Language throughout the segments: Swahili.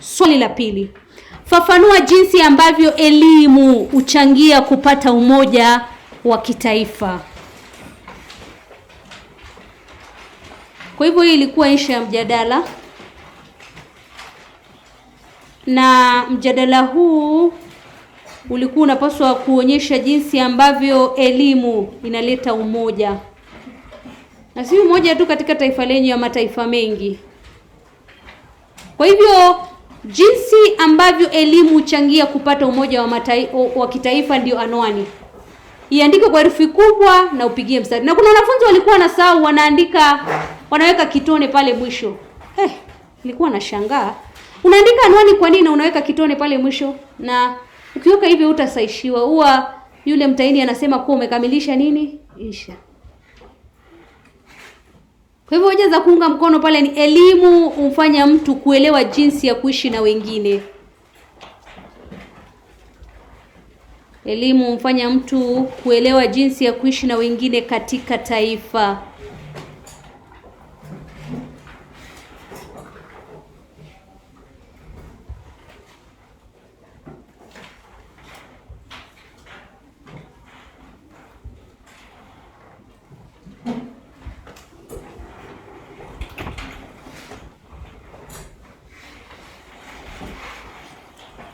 Swali la pili, fafanua jinsi ambavyo elimu huchangia kupata umoja wa kitaifa. Kwa hivyo hii ilikuwa insha ya mjadala, na mjadala huu ulikuwa unapaswa kuonyesha jinsi ambavyo elimu inaleta umoja, na si umoja tu katika taifa lenye ya mataifa mengi. Kwa hivyo Jinsi ambavyo elimu huchangia kupata umoja wa, matai, wa kitaifa ndio anwani. Iandike kwa herufi kubwa na upigie mstari. Na kuna wanafunzi walikuwa na sahau wanaandika wanaweka kitone pale mwisho. Eh, nilikuwa nashangaa. Unaandika anwani kwa nini na unaweka kitone pale mwisho? Na ukiweka hivyo utasaishiwa. Huwa yule mtaini anasema kuwa umekamilisha nini? Insha. Kwa hivyo hoja za kuunga mkono pale ni elimu humfanya mtu kuelewa jinsi ya kuishi na wengine. Elimu humfanya mtu kuelewa jinsi ya kuishi na wengine katika taifa.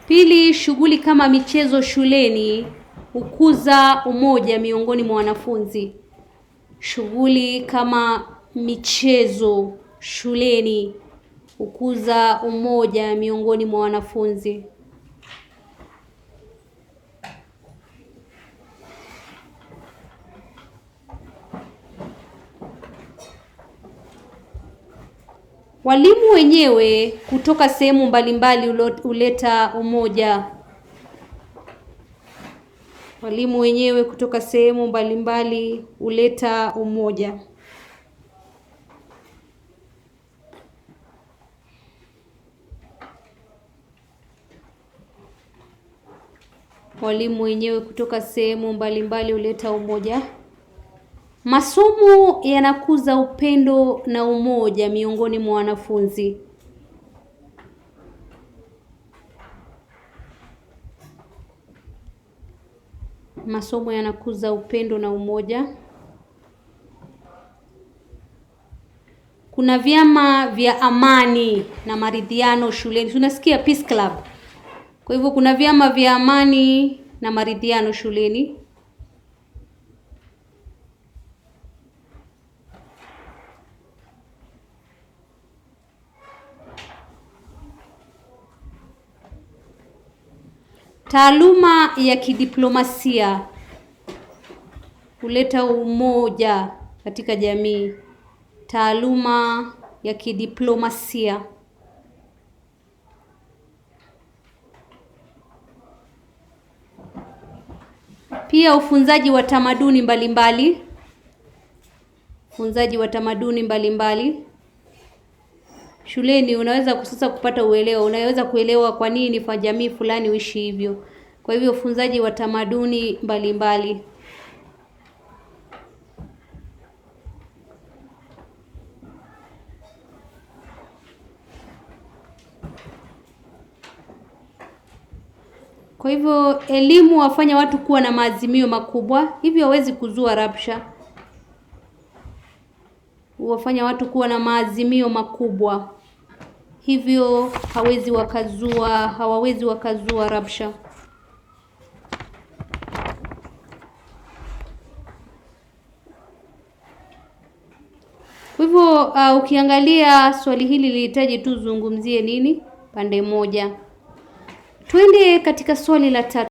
Pili, shughuli kama michezo shuleni hukuza umoja miongoni mwa wanafunzi. Shughuli kama michezo shuleni hukuza umoja miongoni mwa wanafunzi. Walimu wenyewe kutoka sehemu mbalimbali huleta umoja. Walimu wenyewe kutoka sehemu mbalimbali huleta umoja. Walimu wenyewe kutoka sehemu mbalimbali huleta umoja. Masomo yanakuza upendo na umoja miongoni mwa wanafunzi. Masomo yanakuza upendo na umoja. Kuna vyama vya amani na maridhiano shuleni. Tunasikia Peace Club. Kwa hivyo kuna vyama vya amani na maridhiano shuleni. Taaluma ya kidiplomasia huleta umoja katika jamii. Taaluma ya kidiplomasia pia ufunzaji wa tamaduni mbalimbali, ufunzaji wa tamaduni mbalimbali shuleni unaweza sasa kupata uelewa, unaweza kuelewa kwa nini kwa jamii fulani uishi hivyo. Kwa hivyo ufunzaji wa tamaduni mbalimbali Kwa hivyo elimu wafanya watu kuwa na maazimio makubwa, hivyo hawezi kuzua rabsha huwafanya watu kuwa na maazimio makubwa, hivyo hawezi wakazua hawawezi wakazua rabsha. Kwa hivyo uh, ukiangalia swali hili lilihitaji tu zungumzie nini pande moja. Twende katika swali la tatu.